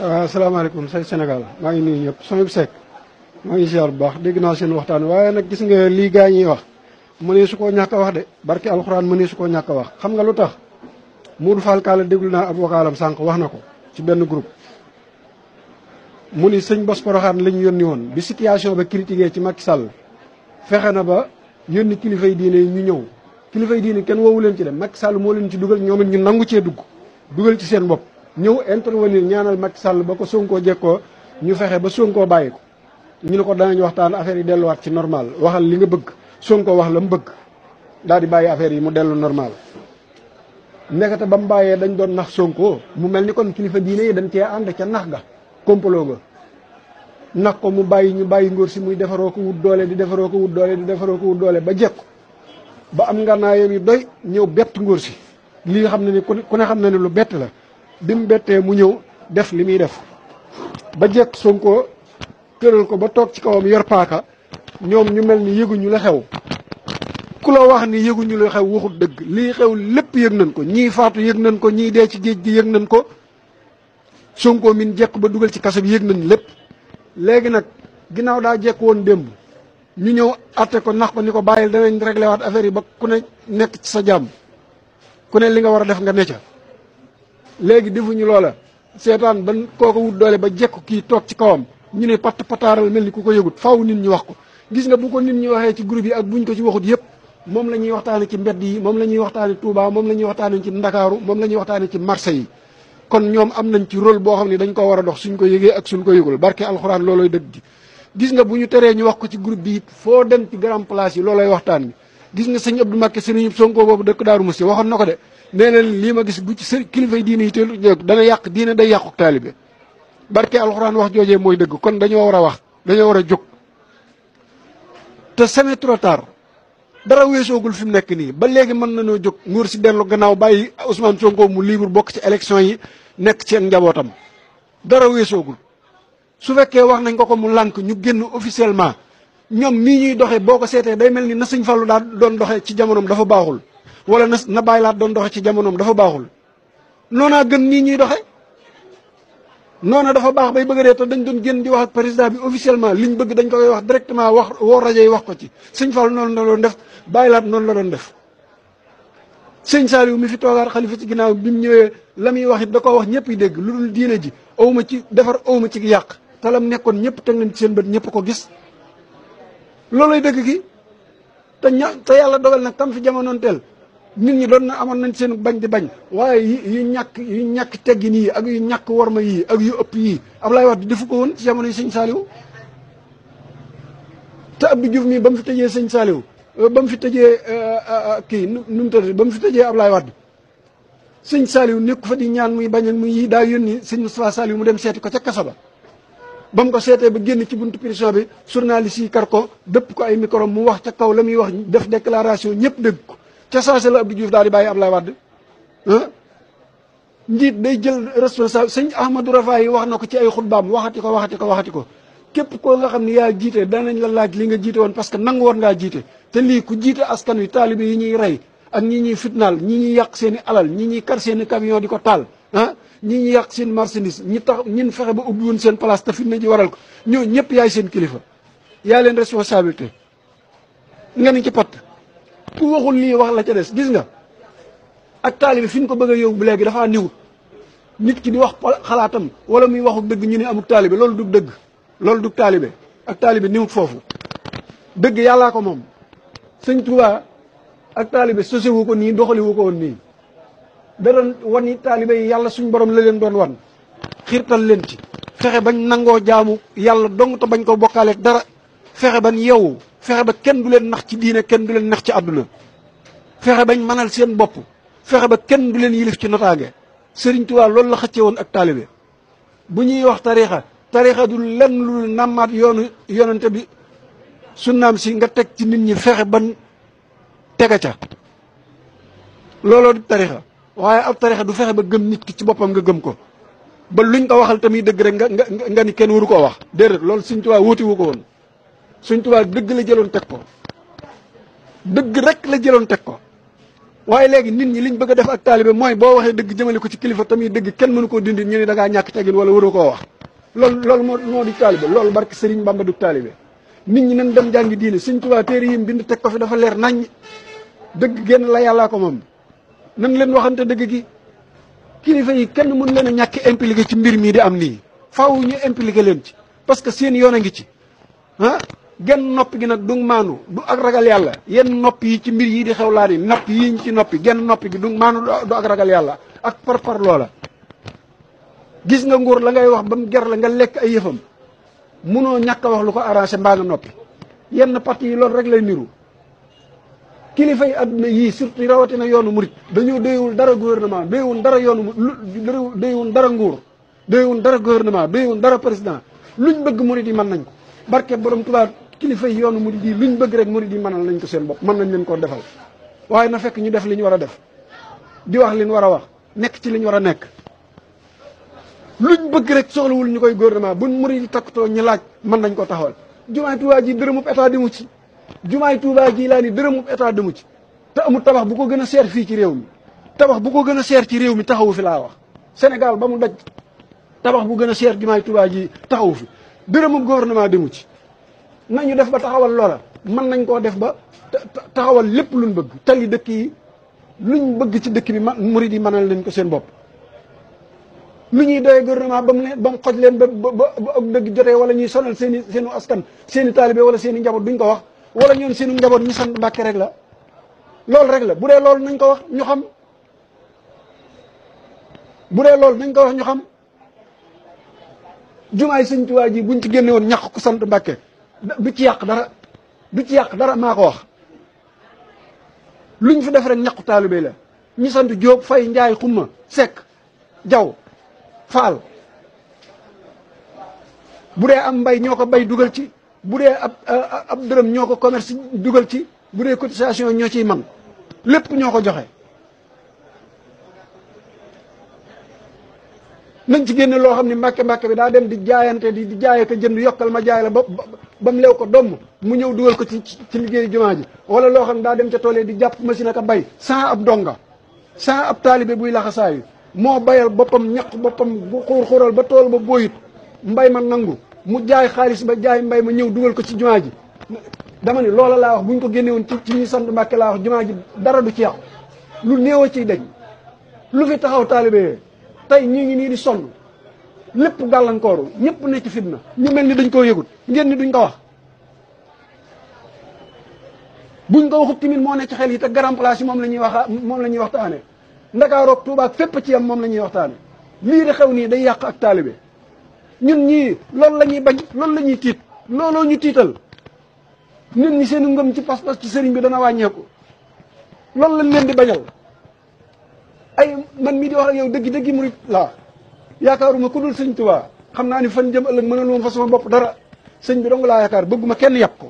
waaw asalaamaaleykum say senegal maa ngi nuyu ñëpp soo sekk maa ngi ziar bu baax dégg naa seen waxtaan waaye nag gis nga lii gaa ñuy wax mënee su koo ñàkk wax de barki alxuraan mënee su koo ñàkk wax xam nga lu tax mu Fall Kalle déglu naa ab wakaalam sànq wax na ko ci benn group mu ni sëñ Bas Poroxaan lañ yónni woon bi situation ba critiqué ci Macky Sall fexe na ba yónni kilifa yi diine ñu ñëw kilifa yi diine kenn woowu leen ci de Macky Sall moo leen ci dugal ñoom it ñu nangu cee dugg dugal ci seen bopp ñëw intervenir ñaanal Macky sàll ba ko Sonko jekkoo ñu fexe ba sonkoo bàyyi ko ñu ne ko danañ waxtaan affaire yi delluwaat ci normal waxal li nga bëgg sonkoo wax la mu bëgg daal di bàyyi affaire yi mu dellu normal nekkete ba mu bàyyee dañ doon nax Sonko mu mel ni kon kilifa diine yi dañ cee ànd ca nax ga complot ga nax ko mu bàyyi ñu bàyyi ngóor si muy defaroo ko wut doole di defaroo ko wut doole di defaroo ko wut doole ba jekku ba am ngànnaayam yu doy ñëw bett ngóor si li nga xam ne ni ku ne xam na ne lu bett la bi mu bettee mu ñëw def li muy def ba jekk Sonko këral ko ba toog ci kawam yor paaka ñoom ñu mel ni yëguñu la xew ku la wax ni yëguñu la xew waxut dëgg lii xew lépp yëg nañ ko ñii faatu yëg nañ ko ñii dee ci géej gi yëg nañ ko Sonko min jekk ba dugal ci kaso bi yëg nañ lépp léegi nag ginnaaw daa jekk woon démb ñu ñëw atte ko nax ko ni ko bàyyil danañ reglewaat waat affaire yi ba ku ne nekk ci sa jàmm ku ne li nga war a def nga ne léegi defuñu loola seetaan ban kooko wut doole ba jekk kii toog ci kawam ñu ne patt pataaral mel ni ku ko yëgut faaw nit ñu wax ko gis nga bu ko nit ñi waxee ci groupe yi ak buñ ko ci waxut la ñuy waxtaane ci mbedd yi moom la ñuy waxtaane Touba moom la ñuy waxtaane ci Ndakaaru moom la ñuy waxtaane ci marché yi kon ñoom am nañ ci dañ ko war a dox suñ ko yëgee ak suñ ko yëgul barke alxuraan looloy bu ñu teree ñu wax ko ci groupe bi it foo dem ci grand place yi looloy waxtaan bi gis nga sëñ Abdou Mbacké sëriñ Sonko boobu dëkk Daaru Musti waxoon na ko de nee lii ma gis bu ci sëriñ kilifa diine yi teelu dana yàq diine day yàqu taalibe barke alxuraan wax joojee mooy dëgg kon dañoo war a wax dañoo war a jóg te seme trop tard dara weesoogul fi mu nekk nii ba léegi mën nañoo jóg nguur si dellu gannaaw bàyyi Ousmane Sonko mu libre bokk ci élection yi nekk ci seen njabootam dara weesoogul su fekkee wax nañ ko ko mu lànk ñu génn officiellement ñoom nii ñuy doxee boo ko seetee day mel ni na sëñ Fallou daa doon doxee ci jamonoom dafa baaxul wala na na bàyyi laat doon doxe ci jamonoom dafa baaxul noonaa gën nii ñuy doxe noona dafa baax bay bëgg a dee te dañ doon génn di wax ak président bi officiellement liñ bëgg dañ koy wax directement wax woo rajo yi wax ko ci sëñ Fall noonu la doon def bàyyi la doon def sëñ Saliou mi fi toogaat xalifa ci ginnaaw bi mu ñëwee la muy wax it da koo wax ñëpp yi dégg lu dul diine ji awma ci defar awma ci yàq te lam nekkoon ñëpp teg nañ ci seen bët ñëpp ko gis loolooy dëgg gi te ña te yàlla dogal nag tam fi jamonoon tel nit ñi doon na amoon nañ seen bañ di bañ waaye yu ñàkk yu ñàkk teggin yii ak yu ñàkk warma yii ak yu ëpp yii Ablaye Wade defu ko woon ci jamono yi sëñ Saliou te Abdou Diouf mii ba fi tëjee sëñ Saliou ba fi tëjee euh, euh, kii nu mu tëddee ba mu fi tëjee Ablaye Wade sëñ Saliou nekk fa di ñaan muy bañ ak muy yii daa yónni sëñ Moustapha Saliou mu dem seeti ko ca kaso ba ba mu ko seetee ba génn ci buntu prison bi journaliste yi kar ko dëpp ko ay micro mu wax ca kaw la muy wax def declaration ñëpp dégg ko ca saase la Abdou Diouf daal di bàyyi Ablaye Wade ah njiit day jël responsable sëñ Ahmadou yi wax na ko ci ay xutbaam waxati ko waxati ko waxati ko képp koo nga xam ne yaa jiite danañ la laaj li nga jiite woon parce que nangu woon ngaa jiite te lii ku jiite askan wi taalibe yi ñuy rey ak ñi ñuy fitnaal ñi ñuy yàq seen i alal ñi ñuy kar seen i camion di ko taal ah ñi ñuy yàq seen marchandise ñi tax ñin fexe ba ubbi woon seen place te fitna ji waral ko ñoo ñëpp yaay seen kilifa yaa leen responsabilité nga ni ci patt ku waxul lii wax la ca des gis nga ak taalibi fi ñu ko bëgg a yóbbu léegi dafaa niwut nit ki di wax xalaatam wala muy waxu dëgg ñu ne amuk taalibe loolu du dëgg loolu du taalibe ak taalibe niwut foofu dëgg yàllaa ko moom sëñ Tuubaa ak taalibe sose wu ko nii doxaliwu ko woon nii da doon wani taalibe yi yàlla suñ borom la leen doon wan xiirtal leen ci fexe bañ nangoo jaamu yàlla dong bañ ko bokkaaleeg dara fexe bañ yeewu fexe ba kenn du leen nax ci diine kenn du leen nax ci àdduna fexe bañ mënal seen bopp fexe ba kenn du leen yilif ci notaange Sëriñ Tuubaa loolu la xëcce woon ak taalibe bu ñuy wax tariixa tariixa du lenn lu nammaat yoonu yonente bi su naam si nga teg ci nit ñi fexe ba tega ca looloo du tariixa waaye ab tariixa du fexe ba gëm nit ki ci boppam nga gëm ko ba luñ ko waxal tamit dëgg rek nga nga nga ni kenn waru koo wax déedéet lool Sëriñ Tuubaa wuti wu ko woon suñ tubaab dëgg la jëloon teg ko dëgg rek la jëloon teg ko waaye léegi nit ñi liñ bëgg a def ak taalibe mooy boo waxee dëgg jëmale ko ci kilifa tamit dëgg kenn mënu koo dindi ñu ne da ngaa ñàkk teggin wala waroo koo wax lool loolu moo moo di taalibe loolu barke Serigne Bamba du taalibe nit ñi nañ dem jàngi diine suñ tubaab téere yi bind teg ko fi dafa leer nañ dëgg génn la yàllaa ko moom nan leen waxante dëgg gi kilifa yi kenn mën leen a ñàkk impliqué ci mbir mii di am nii faaw ñu leen ci parce que seen yoon a ngi ci ah genn nopp gi nag du maanu du ak ragal yàlla yenn nopp yi ci mbir yi di xew laa ni yi yiñ ci noppi genn noppi gi du maanu du ak ragal yàlla ak par par loola gis nga nguur la ngay wax ba mu ger la nga lekk ay yëfam munoo ñàkk a wax lu ko arrangé mbaa nga noppi yenn parti yi loolu rek lay niru kilifa yi àdduna yii surtout rawatina yoonu murit dañoo doywul dara gouvernement doywul dara yoonu doywul dara nguur doywul dara gouvernement doywul dara président luñ bëgg murit nañ ko kilifa yi yoonu murid yi luñ bëgg rek murid yi mënal nañ ko seen bopp mën nañ leen koo defal waaye na fekk ñu def li ñu war a def di wax li war a wax nekk ci li war a nekk luñ bëgg rek soxlawul ñu koy gouvernement buñ murid yi takkutoo ñu laaj mën nañ ko taxawal jumaay Tuubaa ji dërëmub état demu ci jumaay Tuubaa ji laa ni dërëmub état demu ci te amul tabax bu ko gën a seer fii ci réew mi tabax bu ko gën a seer ci réew mi taxawu fi laa wax Sénégal ba mu daj tabax bu gën a seer jumaay ji taxawu fi dërëmub gouvernement demu ci nañu def ba taxawal loola mën nañ koo def ba taxawal lépp luñ bëgg tali dëkk yi luñ bëgg ci dëkk bi ma murid yi mënal leen ko seen bopp lu ñuy doyee gouvernement ba mu ne ba mu xoj leen ba ba ak dëgg jotee wala ñuy sonal seen i seen askan seeni i taalibe wala seen i njaboot duñ ko wax wala ñoon seen njaboot ñu sant Mbàkke rek la loolu rek la bu dee lool nañ ko wax ñu xam bu dee loolu nañ ko wax ñu xam jumaay sëñ Tuubaa ji buñ ci génne woon ñàkk ko sant Mbàkke du ci yàq dara du ci yàq dara maa ko wax luñ fi def rek ñaqu taalube la ñi sant Jóob Fay Njaay Xumma Sekk Jaw Faal bu dee am mbay ñoo ko bay dugal ci bu dee ab ab dërëm ñoo ko commerce dugal ci bu dee cotisation ñoo ciy man lépp ñoo ko joxe nañ ci génne loo xam ne mbàkke màkke bi daa dem di jaayante di di jaay jënd yokkal ma jaay la ba ba mu leew ko domm mu ñëw dugal ko ci ci liggéey jumaa ji wala loo xam ne daa dem ca tool yi di jàpp machine ak a bay saa ab donga sans ab taalibe buy laxasaayu moo bayal boppam ñaq boppam bu xuur xuural ba tool ba booyut mbay ma nangu mu jaay xaalis ba jaay mbay ma ñëw dugal ko ci jumaa ji dama ne loola laa wax bu ñu ko génne woon ci ci ñuy sant mbàkke laa wax ji dara du ci lu néew a ciy deñ lu fi taxaw taalibe tey ñu ngi nii di sonn lépp gàllankooru ñëpp ne ci fitna ñu mel ni dañ koo yëgut ngeen ni duñ ko wax buñ ko waxut tamit moo ne ci xel yi te grand yi moom la ñuy wax moom la ñuy waxtaane Ndakaaru ak Tuubaa ak fépp ci yam moom la ñuy waxtaane lii di xew nii day yàq ak taalibe ñun ñii loolu lañuy ñuy bañ loolu la ñuy tiit looloo ñu tiital ñun ñi seen ngëm ci pas-pas ci sëriñ bi dana wàññeeku loolu lañ leen di bañal ay man mii di wax ak yow dëgg dëgg murit laa yaakaaruma ku dul sëñ waa xam naa ni fan jëm ëllëg mën a lu ma fa sama bopp dara sëñ bi dong laa yaakaar bëgguma kenn yàpp ko